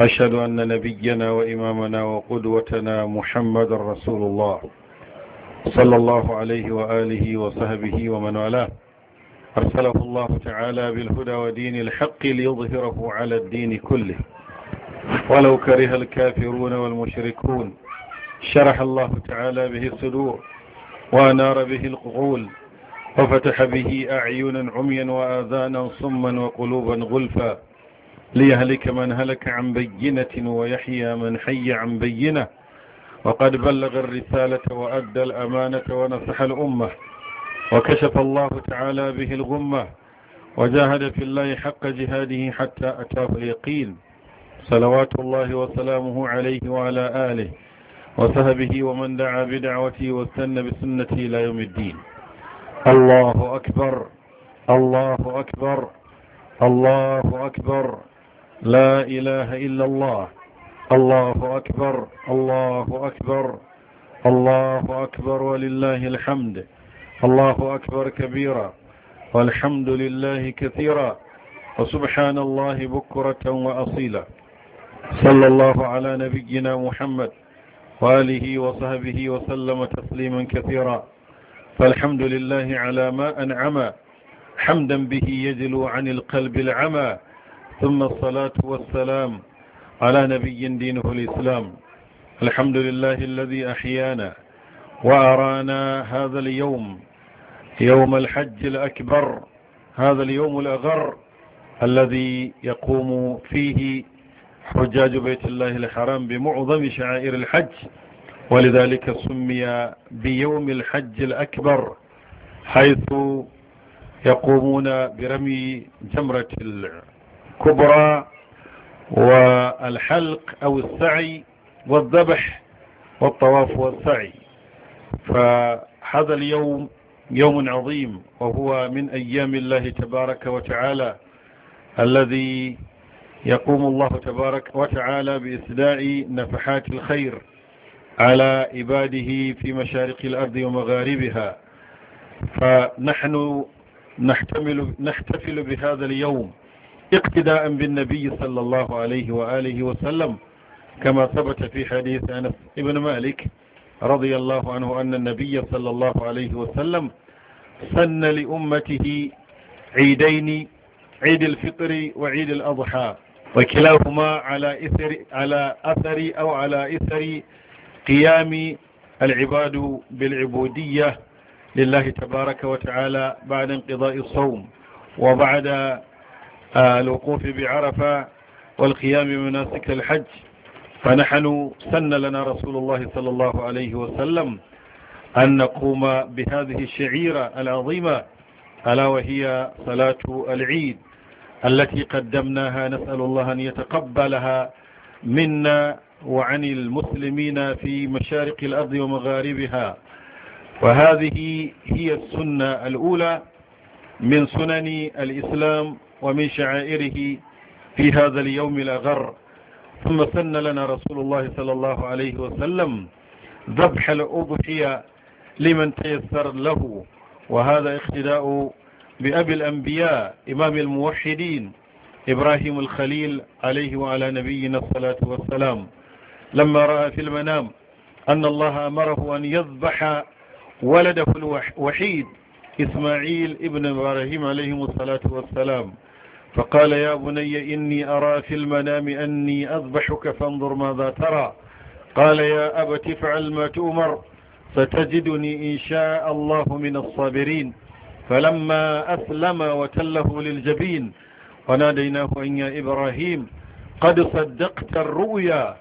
أشهد أن نبينا وإمامنا وقدوتنا محمد رسول الله صلى الله عليه وآله وصحبه ومن والاه أرسله الله تعالى بالهدى ودين الحق ليظهره على الدين كله ولو كره الكافرون والمشركون شرح الله تعالى به الصدور وأنار به القعول وفتح به أعينا عميا وآذانا صما وقلوبا غلفا ليهلك من هلك عن بينة ويحيى من حي عن بينة وقد بلغ الرسالة وأدى الأمانة ونصح الأمة وكشف الله تعالى به الغمة وجاهد في الله حق جهاده حتى أتاه اليقين صلوات الله وسلامه عليه وعلى آله وصحبه ومن دعا بدعوته واستنى بسنته إلى يوم الدين الله أكبر الله أكبر الله أكبر لا إله إلا الله الله أكبر الله أكبر الله أكبر ولله الحمد الله أكبر كبيرا والحمد لله كثيرا وسبحان الله بكرة وأصيلا صلى الله على نبينا محمد وآله وصحبه وسلم تسليما كثيرا فالحمد لله على ما أنعم حمدا به يدلو عن القلب العمى ثم الصلاة والسلام على نبي دينه الإسلام الحمد لله الذي أحيانا وأرانا هذا اليوم يوم الحج الأكبر هذا اليوم الأغر الذي يقوم فيه حجاج بيت الله الحرام بمعظم شعائر الحج ولذلك سمي بيوم الحج الأكبر حيث يقومون برمي جمرة الكبرى والحلق أو السعي والذبح والطواف والسعي فهذا اليوم يوم عظيم وهو من أيام الله تبارك وتعالى الذي يقوم الله تبارك وتعالى بإسداء نفحات الخير على عباده في مشارق الأرض ومغاربها فنحن نحتمل نحتفل بهذا اليوم اقتداء بالنبي صلى الله عليه وآله وسلم كما ثبت في حديث أنس ابن مالك رضي الله عنه أن النبي صلى الله عليه وسلم سن لأمته عيدين عيد الفطر وعيد الأضحى وكلاهما على إثر, على أثر أو على إثر قيام العباد بالعبودية لله تبارك وتعالى بعد انقضاء الصوم وبعد الوقوف بعرفة والقيام بمناسك الحج فنحن سن لنا رسول الله صلى الله عليه وسلم أن نقوم بهذه الشعيرة العظيمة ألا وهي صلاة العيد التي قدمناها نسأل الله أن يتقبلها منا وعن المسلمين في مشارق الأرض ومغاربها وهذه هي السنة الأولى من سنن الإسلام ومن شعائره في هذا اليوم الأغر ثم سن لنا رسول الله صلى الله عليه وسلم ذبح الأضحية لمن تيسر له وهذا اقتداء بأبي الأنبياء إمام الموحدين إبراهيم الخليل عليه وعلى نبينا الصلاة والسلام لما رأى في المنام أن الله أمره أن يذبح ولده الوحيد إسماعيل ابن إبراهيم عليه الصلاة والسلام فقال يا بني إني أرى في المنام أني أذبحك فانظر ماذا ترى قال يا أبت افعل ما تؤمر ستجدني إن شاء الله من الصابرين فلما أسلم وتله للجبين وناديناه أن يا إبراهيم قد صدقت الرؤيا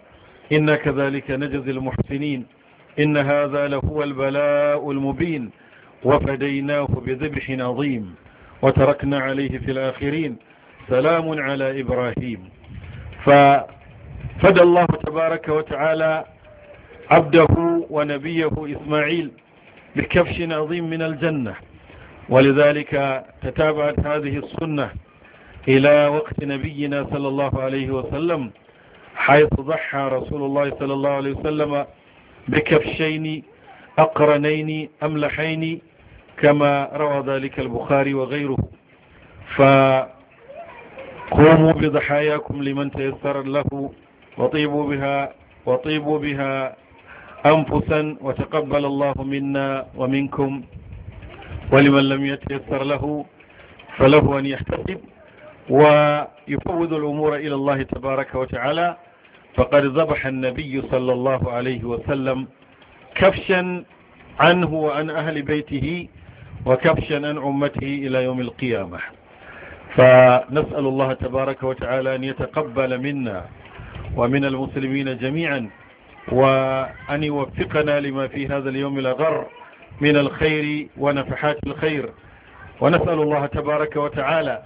إن كذلك نجزي المحسنين إن هذا لهو البلاء المبين وفديناه بذبح عظيم وتركنا عليه في الآخرين سلام على إبراهيم ففدى الله تبارك وتعالى عبده ونبيه إسماعيل بكفش عظيم من الجنة ولذلك تتابعت هذه السنة إلى وقت نبينا صلى الله عليه وسلم حيث ضحى رسول الله صلى الله عليه وسلم بكفشين أقرنين أملحين كما روى ذلك البخاري وغيره فأخذ قوموا بضحاياكم لمن تيسر له وطيبوا بها وطيبوا بها أنفسا وتقبل الله منا ومنكم ولمن لم يتيسر له فله أن يحتسب ويفوض الأمور إلى الله تبارك وتعالى فقد ذبح النبي صلى الله عليه وسلم كفشا عنه وعن أهل بيته وكفشا عن أمته إلى يوم القيامة فنسأل الله تبارك وتعالى أن يتقبل منا ومن المسلمين جميعا وأن يوفقنا لما في هذا اليوم الأغر من الخير ونفحات الخير ونسأل الله تبارك وتعالى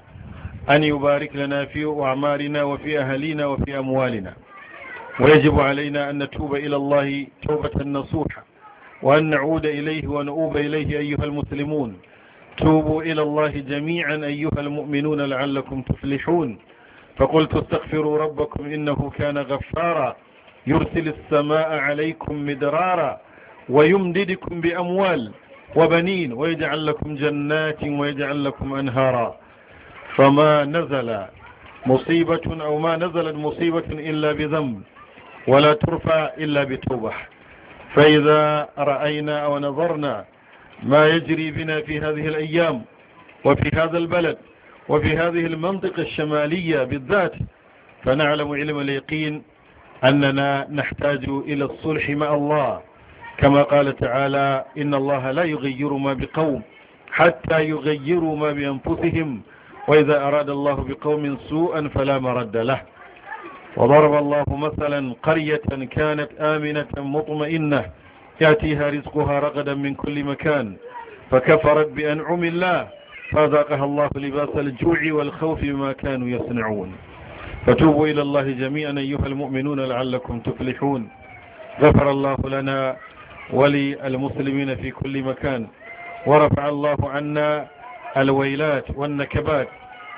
أن يبارك لنا في أعمارنا وفي أهلنا وفي أموالنا ويجب علينا أن نتوب إلى الله توبة نصوحة وأن نعود إليه ونؤوب إليه أيها المسلمون توبوا إلى الله جميعا أيها المؤمنون لعلكم تفلحون فقلت استغفروا ربكم إنه كان غفارا يرسل السماء عليكم مدرارا ويمددكم بأموال وبنين ويجعل لكم جنات ويجعل لكم أنهارا فما نزل مصيبة أو ما نزلت مصيبة إلا بذنب ولا ترفع إلا بتوبة فإذا رأينا أو نظرنا ما يجري بنا في هذه الأيام وفي هذا البلد وفي هذه المنطقة الشمالية بالذات فنعلم علم اليقين أننا نحتاج إلى الصلح مع الله كما قال تعالى إن الله لا يغير ما بقوم حتى يغيروا ما بأنفسهم وإذا أراد الله بقوم سوءا فلا مرد له وضرب الله مثلا قرية كانت آمنة مطمئنة يأتيها رزقها رغدا من كل مكان فكفرت بأنعم الله فذاقها الله لباس الجوع والخوف بما كانوا يصنعون فتوبوا إلى الله جميعا أيها المؤمنون لعلكم تفلحون غفر الله لنا وللمسلمين في كل مكان ورفع الله عنا الويلات والنكبات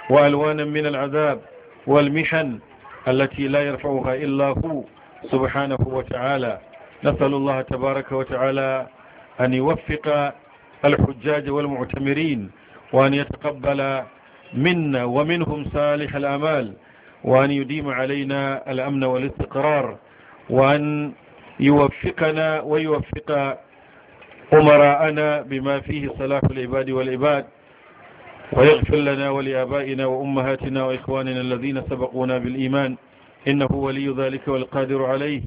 وألوانا من العذاب والمحن التي لا يرفعها إلا هو سبحانه وتعالى نسأل الله تبارك وتعالى أن يوفق الحجاج والمعتمرين وأن يتقبل منا ومنهم صالح الأمال وأن يديم علينا الأمن والاستقرار وأن يوفقنا ويوفق أمراءنا بما فيه صلاح العباد والعباد ويغفر لنا ولآبائنا وأمهاتنا وإخواننا الذين سبقونا بالإيمان إنه ولي ذلك والقادر عليه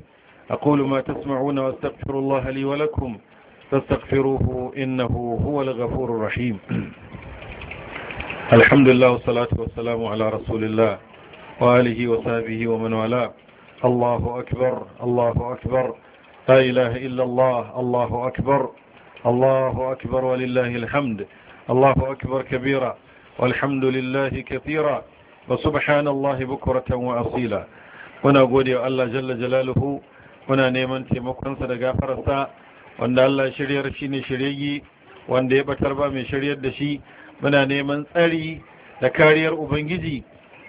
أقول ما تسمعون واستغفر الله لي ولكم فاستغفروه إنه هو الغفور الرحيم الحمد لله والصلاة والسلام على رسول الله وآله وصحبه ومن والاه الله أكبر الله أكبر لا إله إلا الله الله أكبر الله أكبر ولله الحمد الله أكبر كبيرا والحمد لله كثيرا وسبحان الله بكرة وأصيلا ونقول يا الله جل جلاله muna neman taimakonsa da gafararsa wanda Allah shiryar shi ne shiryayye wanda ya batar ba mai shiryar da shi muna neman tsari da kariyar ubangiji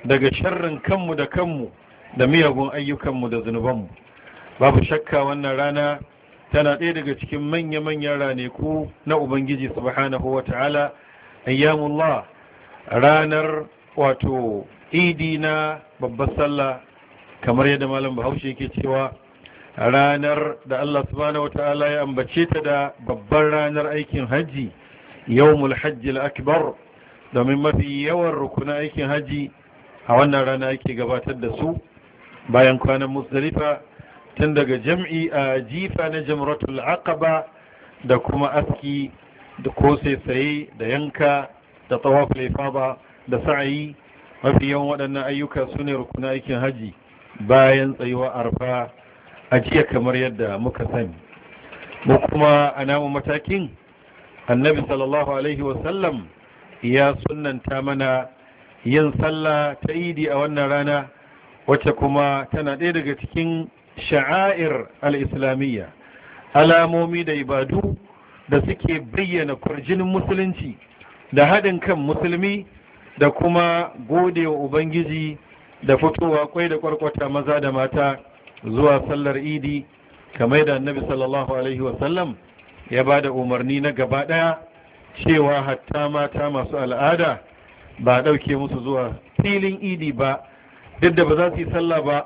daga sharrin kanmu da kanmu da miyagun ayyukanmu da zunubanmu babu shakka wannan rana tana ɗaya daga cikin manya-manyan raneku na ubangiji subhanahu wa ta'ala ayyamullah ranar wato idi na babbar sallah kamar yadda malam bahaushe yake cewa ranar da Allah subhanahu wata'ala ya ambace ta da babbar ranar aikin hajji yawmul hajjil akbar domin mafi yawan rukunan aikin hajji a wannan rana ake gabatar da su bayan kwanan musdalifa tun daga jam'i a jifa na jamratul aqaba da kuma aski da ko sai da yanka da tawaf ifada da sa'ayi mafi yawan waɗannan ayyuka sune rukunin rukunan aikin hajji bayan tsayuwa arfa a jiya kamar yadda muka sani mu kuma a namu matakin annabi sallallahu alaihi wasallam ya sunanta mana yin sallah ta idi a wannan rana wacce kuma tana ɗaya daga cikin sha'air al-islamiyya alamomi da ibadu da suke bayyana kwarjinin musulunci da haɗin kan musulmi da kuma godewa ubangiji da fitowa kwai da kwarkwata maza da mata zuwa sallar idi kamar da annabi sallallahu alaihi wasallam ya ba da umarni na gaba ɗaya cewa hatta mata masu al'ada ba ɗauke musu zuwa filin idi ba duk da ba za su yi sallah ba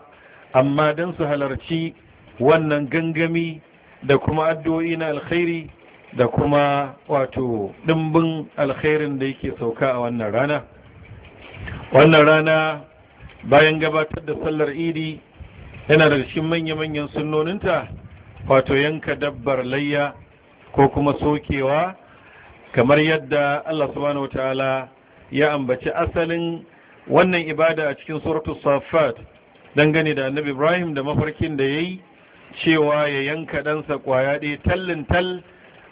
amma don su halarci wannan gangami da kuma addu'o'i na alkhairi da kuma wato ɗimbin alkhairin da yake sauka a wannan rana wannan rana bayan gabatar da sallar idi yana da cikin manya-manyan sunnoninta wato yanka dabbar layya ko kuma sokewa kamar yadda Allah subhanahu wataala ya ambaci asalin wannan ibada a cikin suratul safat dangane da annabi Ibrahim da mafarkin da yayi cewa ya yanka ɗansa kwaya ɗaya tallin tal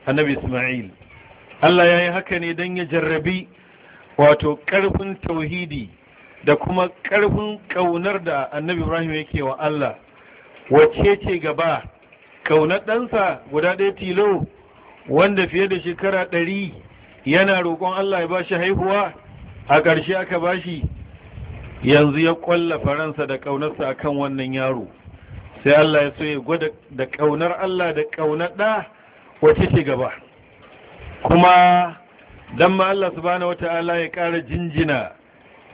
annabi Ismail Allah ya yi haka ne don ya jarrabi wato ƙarfin tauhidi da kuma ƙarfin ƙaunar da annabi ibrahim yake wa Allah wace ce gaba ƙaunar ɗansa guda ɗaya tilo wanda fiye da shekara ɗari yana roƙon Allah ya ba shi haihuwa a ƙarshe aka ba shi yanzu ya ƙwalla faransa da ƙaunarsa a kan wannan yaro sai Allah ya so ya gwada da ƙaunar Allah da ƙaunar ɗa wace ce gaba kuma don ma Allah subhanahu ta'ala ya ƙara jinjina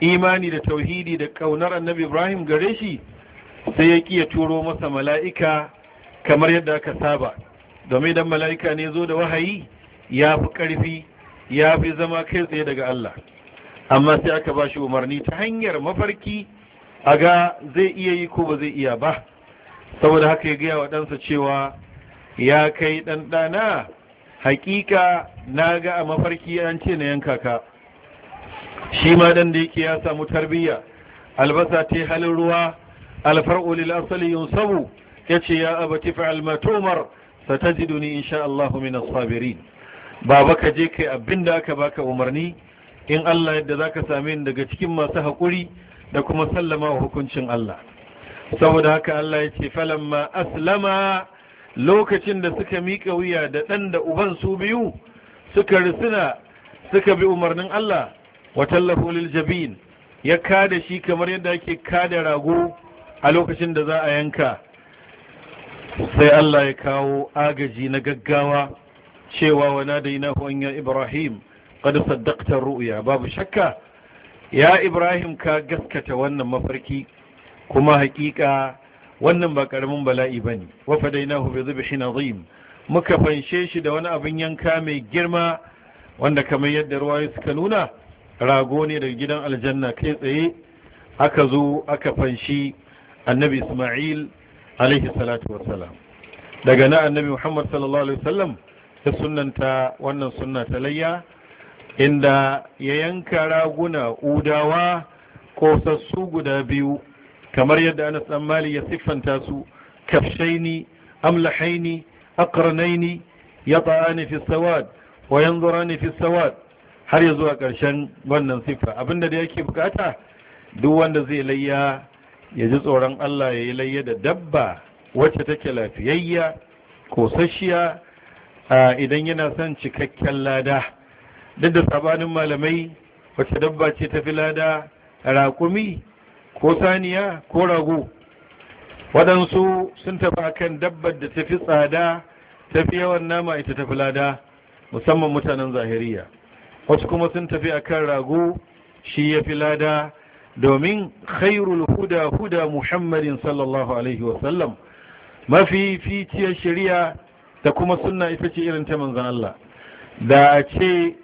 imani da tauhidi da kaunar annabi ibrahim gare shi sai ya ƙi ya turo masa mala'ika kamar yadda aka saba domin idan mala'ika ne zo da wahayi ya fi ƙarfi ya fi zama kai tsaye daga Allah amma sai aka ba shi umarni ta hanyar mafarki a ga zai iya yi ko ba zai iya ba saboda haka ya gaya wa ɗansa cewa ya kai ɗanɗana hakika na ga a mafarki an ce na yanka ka shi ma dan da yake ya samu tarbiyya albasa ta halin ruwa alfar'u lil asali yunsabu yace ya abati fa'al ma ji satajiduni insha Allah min as-sabirin baba ka je kai abinda aka baka umarni in Allah yadda zaka same ni daga cikin masu hakuri da kuma sallama wa hukuncin Allah saboda haka Allah yace falamma aslama lokacin da suka miƙa wuya da ɗan da uban su biyu suka risina suka bi umarnin Allah watallafu lil jabin ya kada shi kamar yadda ake kada rago a lokacin da za a yanka sai Allah ya kawo agaji na gaggawa cewa wana da ina ya Ibrahim qad saddaqta ru'ya babu shakka ya Ibrahim ka gaskata wannan mafarki kuma hakika wannan ba karamin bala'i bane wa fadainahu bi dhibhin azim muka fanshe shi da wani abin yanka mai girma wanda kamar yadda ruwaye suka nuna rago ne daga gidan aljanna kai tsaye aka zo aka fanshi annabi ismail alaihi salatu wassalam daga na annabi muhammad sallallahu alaihi wasallam ya sunanta wannan sunna ta layya inda ya yanka raguna udawa kosassu guda biyu kamar yadda anas dan mali ya siffanta su kafshaini amlahaini aqranaini yata'ani fi sawad wa yanzurani fi sawad har ya zuwa ƙarshen wannan siffa abinda da yake bukata duk wanda zai layya ya ji tsoron Allah ya yi layya da dabba wacce take lafiyayya ko sashiya idan yana son cikakken lada duk da sabanin malamai wacce dabba ce ta fi lada raƙumi ko saniya ko rago waɗansu sun tafi akan dabbar da ta fi tsada tafi yawan nama ita tafi lada musamman mutanen zahiriya wasu kuma sun tafi a kan rago shi ya fi lada domin khairul huda huda muhammadin sallallahu alaihi wasallam mafi ficiyar shari'a da kuma suna ita ce irin ta manzan Allah da a ce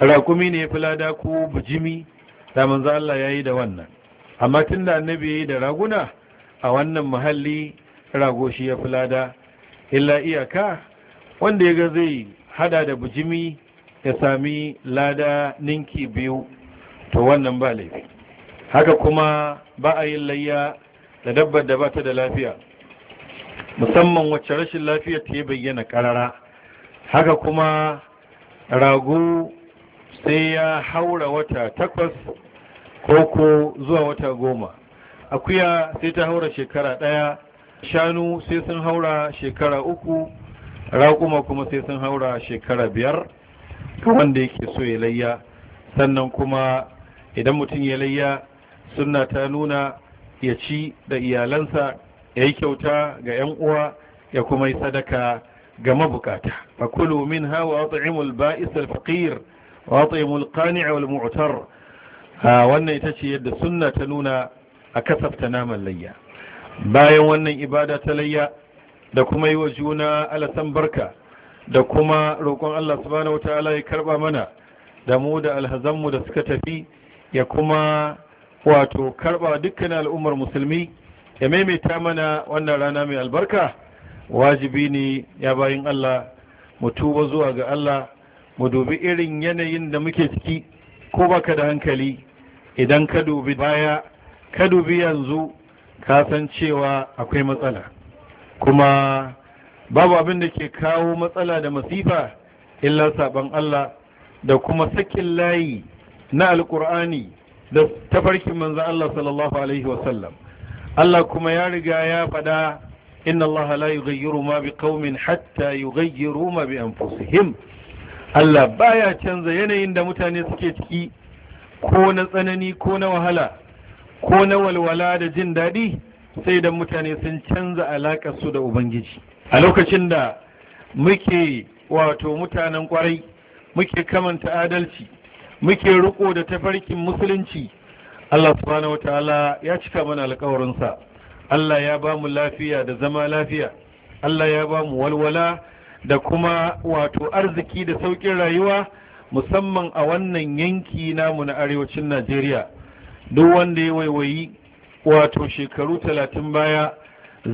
rakumi ne ya fi lada ko bujimi da manzan Allah ya yi da wannan amma tun da annabi ya yi da raguna a wannan muhalli rago shi ya fi lada illa iyaka wanda ya ga zai hada da bujimi ya sami lada ninki biyu to wannan ba laifi haka kuma ba a yin layya da dabbar da bata da lafiya musamman wacce rashin lafiya ta yi bayyana karara haka kuma rago sai ya haura wata takwas ko ko zuwa wata goma akuya sai ta haura shekara ɗaya shanu sai sun haura shekara uku raƙuma kuma sai sun haura shekara biyar wanda yake so ya layya sannan kuma idan mutum ya layya suna ta nuna ya ci da iyalansa ya yi kyauta ga 'yan uwa ya kuma yi sadaka ga mabukata kulu min hawa wata'imul ba'is al-faqir wata'imul qani'a wal mu'tar wannan ita ce yadda suna ta nuna a kasafta naman layya bayan wannan ibada ta layya da kuma yi wa juna alasan barka da kuma roƙon Allah subhanahu wataala ya karɓa mana da mu da alhazanmu da suka tafi ya kuma wato karɓa dukkan al'ummar musulmi ya maimaita mana wannan rana mai albarka wajibi ne ya bayin Allah mu tuba zuwa ga Allah mu dubi irin yanayin da muke ciki ko baka da hankali idan ka dubi baya ka dubi yanzu ka san cewa akwai matsala kuma babu abin da ke kawo matsala da masifa illa saban Allah da kuma sakin layi na alkur'ani da tafarkin manza Allah sallallahu alaihi wasallam Allah kuma ya riga ya faɗa inna Allah la yughayyiru ma biqaumin hatta yughayyiru ma bi anfusihim Allah baya canza yanayin da mutane suke ciki ko na tsanani ko na wahala ko na walwala da jin daɗi sai da mutane sun canza alaƙar su da ubangiji a lokacin da muke wato mutanen kwarai muke kamanta adalci muke riko da tafarkin musulunci Allah subhanahu wataala ya cika mana alƙawarinsa Allah ya ba mu lafiya da zama lafiya Allah ya ba mu walwala da kuma wato arziki da saukin rayuwa musamman a wannan yanki namu na arewacin Najeriya duk wanda ya waiwayi wato shekaru talatin baya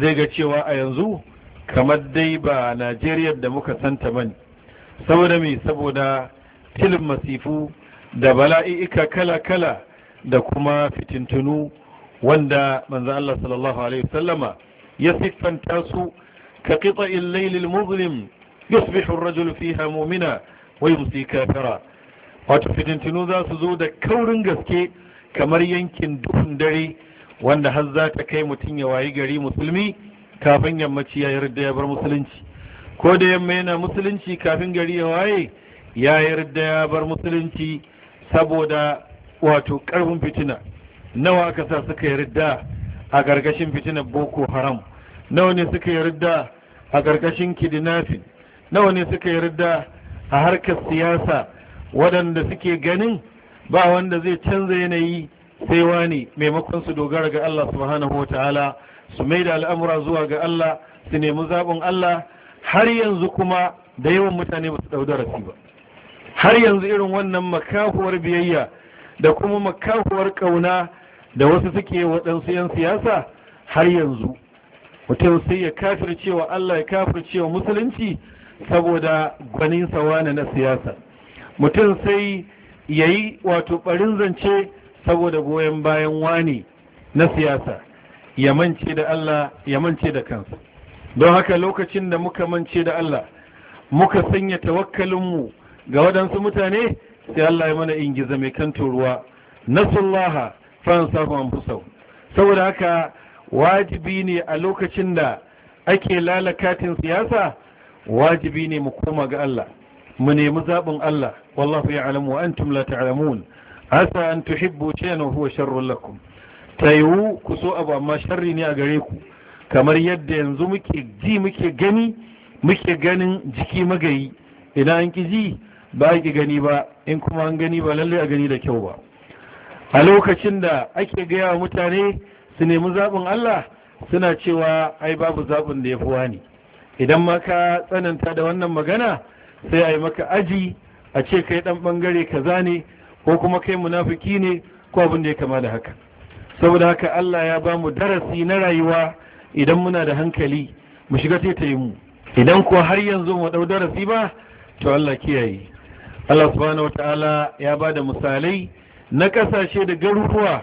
zai ga cewa a yanzu kamar dai ba Najeriya da muka santa bane saboda mai saboda tilin masifu da bala'i'ika kala-kala da kuma fitintunu wanda manzo Allah sallallahu alaihi wasallama ya siffanta su ka qita'il laylil muslim yusbihu rajul fiha mu'mina wa yumsi kafira wato fitintunu za su zo da kaurin gaske kamar yankin duhun dare wanda har za ta kai mutum ya wayi gari musulmi kafin yammaci ya yarda ya bar musulunci ko da yamma yana musulunci kafin gari ya waye ya yarda ya bar musulunci saboda wato karfin fitina nawa aka sa suka yarda a gargashin fitina boko haram nawa ne suka yarda a gargashin kidnapping nawa ne suka yarda a harkar siyasa waɗanda suke ganin ba wanda zai canza yanayi sai wani maimakon su dogara ga Allah subhanahu wa ta'ala su mai da al'amura zuwa ga Allah su nemi zaɓin Allah har yanzu kuma da yawan mutane ba su ɗau darasi ba har yanzu irin wannan makahuwar biyayya da kuma makahuwar ƙauna da wasu suke waɗansu 'yan siyasa har yanzu mutum sai ya kafir cewa Allah ya kafir cewa musulunci saboda gwanin sawana na siyasa mutum sai ya yi wato ɓarin zance saboda goyon bayan wani na siyasa ya mance da Allah ya da kansa don haka lokacin da muka mance da Allah muka sanya tawakkalinmu ga waɗansu mutane sai Allah ya mana ingiza mai kan turuwa nasullaha fansahu anfusahum saboda haka wajibi ne a lokacin da ake lalakatin siyasa wajibi ne mu koma ga Allah mu nemi zaɓin Allah wallahu ya'lamu wa antum la ta'lamun asa an tuhibbu shay'an huwa sharrun lakum ta yiwu ku so abu amma sharri ne a gare ku kamar yadda yanzu muke ji muke gani muke ganin jiki magayi idan an ki ji ba ki gani ba in kuma an gani ba lallai a gani da kyau ba a lokacin da ake gaya wa mutane su nemi zaɓin Allah suna cewa ai babu zaɓin da ya fi wani idan ma ka tsananta da wannan magana sai a yi maka aji a ce kai ɗan ɓangare kaza ne ko kuma kai munafiki ne ko abin da ya kama da haka saboda haka Allah ya ba mu darasi na rayuwa idan muna da hankali mu shiga taitaye mu idan kuwa har yanzu mu dau darasi ba to Allah kiyaye Allah subhanahu wataala ya ba da misalai na kasashe da garuruwa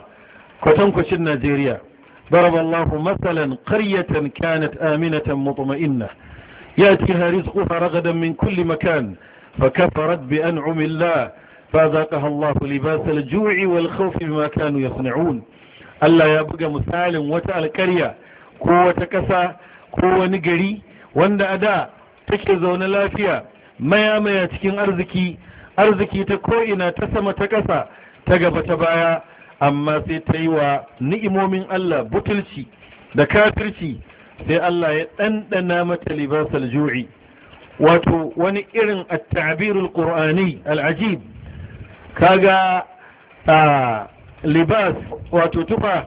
kwatankwacin Najeriya ضرب الله مثلا قرية كانت آمنة مطمئنة يأتيها رزقها min kulli makan مكان فكفرت بأنعم الله فأذاقها الله لباس الجوع والخوف بما كانوا يصنعون Allah ya buga misalin wata alkarya ko wata ƙasa ko wani gari wanda a da take zaune lafiya maya-maya cikin arziki arziki ta ko'ina ta sama ta ƙasa ta gaba ta baya amma sai ta yi wa ni'imomin Allah butulci da kafirci sai Allah ya ɗanɗana mata libasal ju'i wato wani irin at-ta'birul al'ajib al-ajib kaga ah, libas wato tufa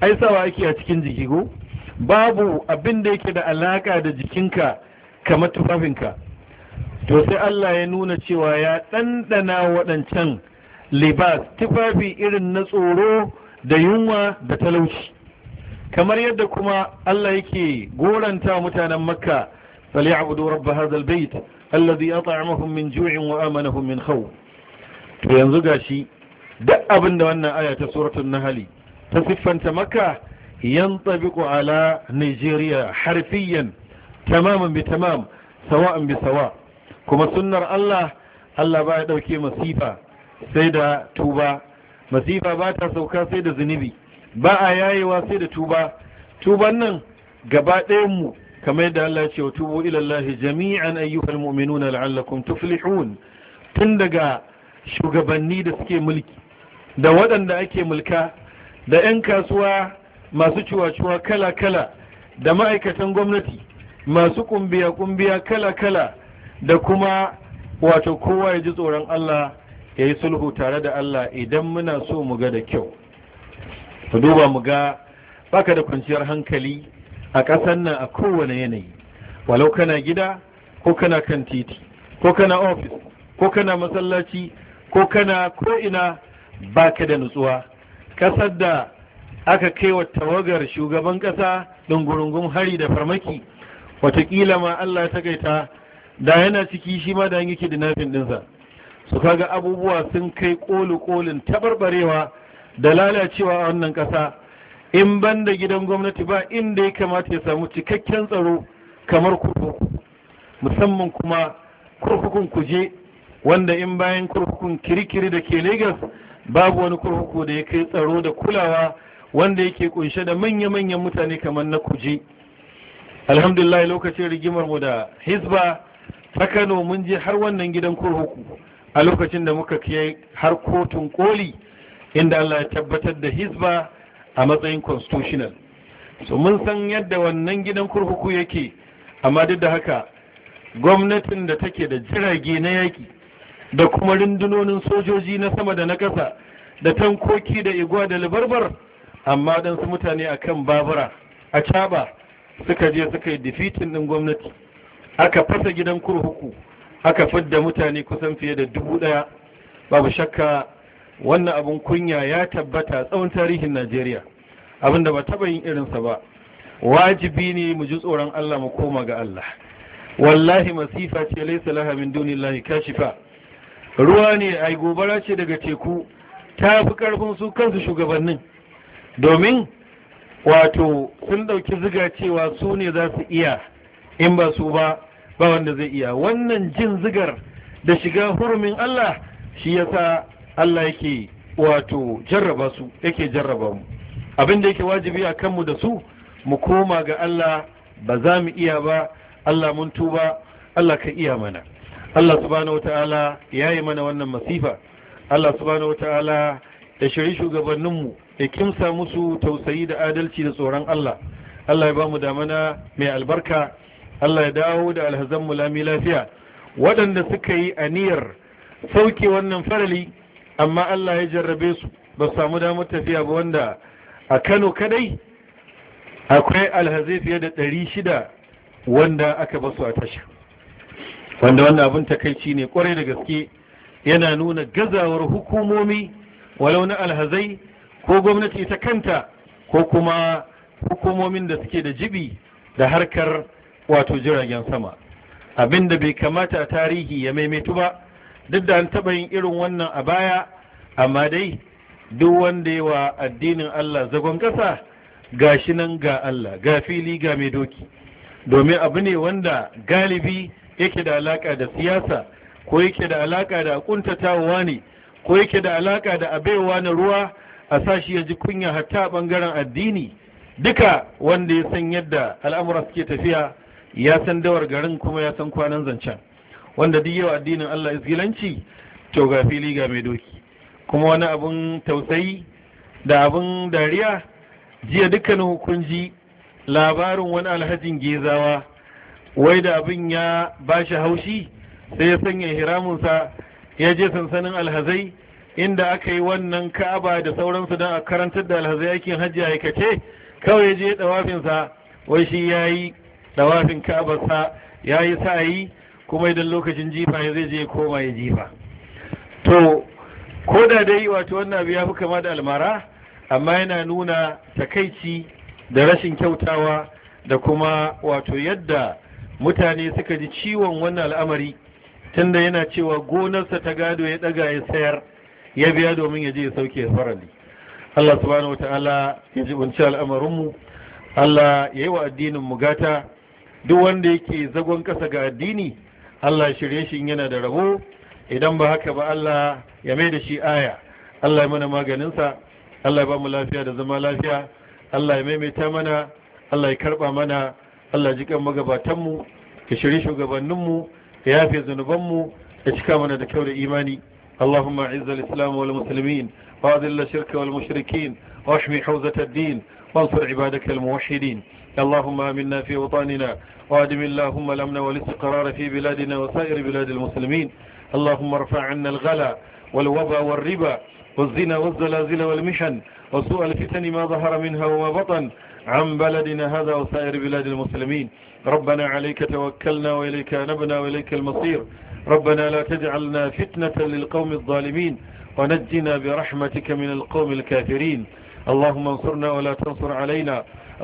ai sawa yake a cikin jiki go babu abin da yake da alaka da jikinka kamar tufafinka to sai Allah ya nuna cewa ya ɗanɗana waɗancan libas tufafi irin na tsoro da yunwa da talauci kamar yadda kuma Allah yake goranta mutanen makka فليعبدوا رب هذا البيت الذي أطعمهم من جوع وآمنهم من خوف to yanzu gashi duk abin da wannan aya ta suratul nahali ta siffanta maka yantabiqu ala nigeria harfiyan tamaman bi tamam sawa'an bi sawa kuma sunnar Allah Allah ba ya dauke masifa sai da tuba masifa ba ta sauka sai da zunubi ba a yayewa sai da tuba tuban nan gaba ɗayan mu kamar yadda Allah ya ce wa tubu ila Allah jami'an ayyuhal mu'minuna la'allakum tuflihun tun daga shugabanni da suke mulki da waɗanda ake mulka da 'yan kasuwa masu ciwaciwa kala-kala da ma'aikatan gwamnati masu kumbiya-kumbiya kala-kala da kuma wato kowa ya ji tsoron Allah ya yi sulhu tare da Allah idan muna so mu ga da kyau ku duba mu ga baka da kwanciyar hankali a ƙasar nan a kowane yanayi walau kana gida ko kana kan titi ko kana ofis ko kana masallaci ko kana ko'ina ba ka da nutsuwa kasar da aka kai wa tawagar shugaban kasa ɗungurungun hari da farmaki watakila ma Allah ta gaita da yana ciki shi ma da yake dinafin dinsa, su kaga abubuwa sun kai ƙoli-ƙolin taɓarɓarewa da lalacewa a wannan ƙasa in ban da gidan gwamnati ba inda ya kamata ya samu cikakken tsaro kamar kurkuku musamman kuma kurkukun kuje wanda in bayan kurkukun kirikiri da ke Legas babu wani kurkuku da ya kai tsaro da kulawa wanda yake kunshe da manya-manyan mutane kamar na kuje alhamdulillah lokacin rigimar mu da Hisba, ta kano mun je har wannan gidan kurkuku a lokacin da muka kai har kotun koli inda allah ya tabbatar da Hisba a matsayin constitutional so mun san yadda wannan gidan kurkuku yake amma duk da haka gwamnatin da take da jirage na yaki. da kuma rundunonin sojoji na sama da na ƙasa da tankoki da igwa da libarbar amma dan su mutane a kan babura a caba suka je suka yi defeating din gwamnati aka fasa gidan kurhuku, aka fadda mutane kusan fiye da dubu ɗaya babu shakka wannan abin kunya ya tabbata tsawon tarihin Najeriya abin da ba taba yin irinsa ba wajibi ne mu ji tsoron Allah mu koma ga Allah wallahi masifa ce laisa laha min dunillahi kashifa ruwa ne ai gobara ce daga teku ta fi karfin su kansu shugabannin domin wato sun dauki ziga cewa su ne za su iya in ba su ba ba wanda zai iya wannan jin zigar da shiga hurumin Allah shi yasa Allah yake wato jarraba su yake jarraba mu abin da yake wajibi a kanmu da su mu koma ga Allah ba za mu iya ba Allah mun tuba Allah ka iya mana Allah subhanahu ta'ala ya yi mana wannan masifa Allah subhanahu ta'ala ya shiri shugabanninmu ya kimsa musu tausayi da adalci da tsoron Allah Allah ya ba mu damana mai albarka Allah ya dawo da alhazan mu lami lafiya waɗanda suka yi aniyar sauke wannan farali amma Allah ya jarrabe su ba su samu damar tafiya ba wanda a Kano kadai akwai alhazai fiye da ɗari shida wanda aka basu a tashi. wanda wanda abin takaici ne kwarai da gaske yana nuna gazawar hukumomi walau na alhazai ko gwamnati ta kanta ko kuma hukumomin da suke da jibi da harkar wato jiragen sama abin da bai kamata tarihi ya maimaitu ba duk da an taɓa yin irin wannan a baya amma dai duk wanda yi wa addinin Allah zagon ƙasa shi nan ga Allah ga fili ga mai doki domin abu ne wanda galibi yake da alaka da siyasa ko yake da alaka da kuntatawa ne ko yake da alaka da abewa na ruwa a sashi ya ji kunya hatta bangaren addini duka wanda ya san yadda al'amura suke tafiya ya san dawar garin kuma ya san kwanan zancen wanda duk yau addinin Allah isgilanci to ga fili ga mai doki kuma wani abun tausayi da abun dariya jiya dukkanin hukunji labarin wani alhajin gezawa wai da abin ya ba shi haushi sai ya sanya hiramunsa ya je sansanin alhazai inda aka yi wannan ka'aba da sauransu don a karantar da alhazai aikin hajji aikace kawai ya je dawafinsa wai shi ya yi dawafin ka'abarsa ya yi sa'ayi kuma idan lokacin jifa ya zai je koma ya jifa to ko da dai wato wannan abu ya fi kama da almara amma yana nuna takaici da rashin kyautawa da kuma wato yadda mutane suka ji ciwon wannan al'amari tunda yana cewa gonarsa ta gado ya ɗaga ya sayar ya biya domin ya je ya sauke farali Allah subhanahu wataala ya ji bunci al'amarinmu Allah ya yi wa addinin mu gata duk wanda yake zagon ƙasa ga addini Allah shirye shi yana da rabo idan ba haka ba Allah ya mai da shi aya Allah ya mana maganinsa Allah ya ba mu lafiya da zama lafiya Allah ya maimaita mana Allah ya karba mana Allah ji kan magabatanmu ka shirye shugabanninmu ka yafe zanubanmu ka cika mana da kyau da imani اللهم اعز الإسلام والمسلمين وأذل الشرك والمشركين واشمي حوزة الدين وانصر عبادك الموحدين اللهم آمنا في وطننا وادم اللهم الأمن والاستقرار في بلادنا وسائر بلاد المسلمين اللهم ارفع عنا الغلا والوبا والربا والزنا والزلازل والمحن وسوء الفتن ما ظهر منها وما بطن عن بلدنا هذا وسائر بلاد المسلمين ربنا عليك توكلنا وإليك نبنا وإليك المصير ربنا لا تجعلنا فتنة للقوم الظالمين ونجنا برحمتك من القوم الكافرين اللهم انصرنا ولا تنصر علينا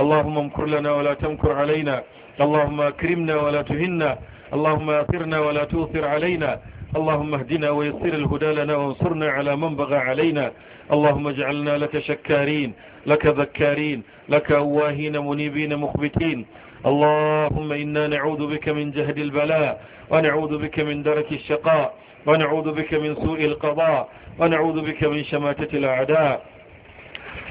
اللهم امكر لنا ولا تمكر علينا اللهم اكرمنا ولا تهنا اللهم اثرنا ولا توثر علينا اللهم اهدنا ويسر الهدى لنا وانصرنا على من بغى علينا اللهم اجعلنا لك شكارين لك ذكارين لك أواهين منيبين مخبتين اللهم إنا نعوذ بك من جهد البلاء ونعوذ بك من درك الشقاء ونعوذ بك من سوء القضاء ونعوذ بك من شماتة الأعداء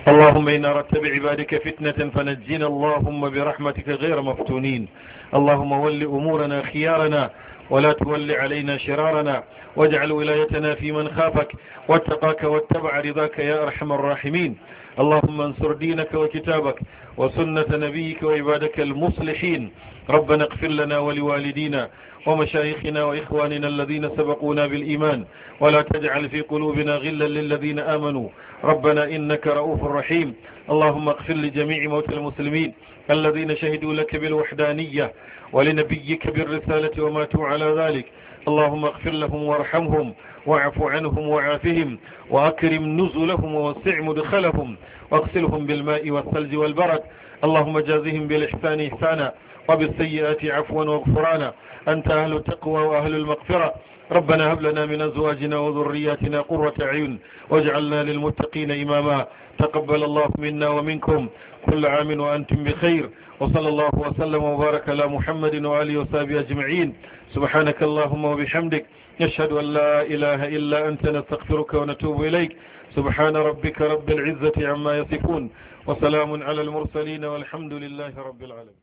اللهم إن أردت بعبادك فتنة فنجينا اللهم برحمتك غير مفتونين اللهم ول أمورنا خيارنا ولا تول علينا شرارنا واجعل ولايتنا في من خافك واتقاك واتبع رضاك يا أرحم الراحمين اللهم انصر دينك وكتابك وسنة نبيك وعبادك المصلحين ربنا اغفر لنا ولوالدينا ومشايخنا وإخواننا الذين سبقونا بالإيمان ولا تجعل في قلوبنا غلا للذين آمنوا ربنا إنك رؤوف رحيم اللهم اغفر لجميع موتى المسلمين الذين شهدوا لك بالوحدانية ولنبيك بالرسالة وماتوا على ذلك اللهم اغفر لهم وارحمهم واعف عنهم وعافهم وأكرم نزلهم ووسع مدخلهم واغسلهم بالماء والثلج والبرد اللهم جازهم بالإحسان إحسانا وبالسيئات عفوا وغفرانا أنت أهل التقوى وأهل المغفرة ربنا هب لنا من أزواجنا وذرياتنا قرة عين واجعلنا للمتقين إماما تقبل الله منا ومنكم كل عام وأنتم بخير وصلى الله وسلم وبارك على محمد وآله وصحبه أجمعين سبحانك اللهم وبحمدك نشهد أن لا إله إلا أنت نستغفرك ونتوب إليك سبحان ربك رب العزة عما يصفون وسلام على المرسلين والحمد لله رب العالمين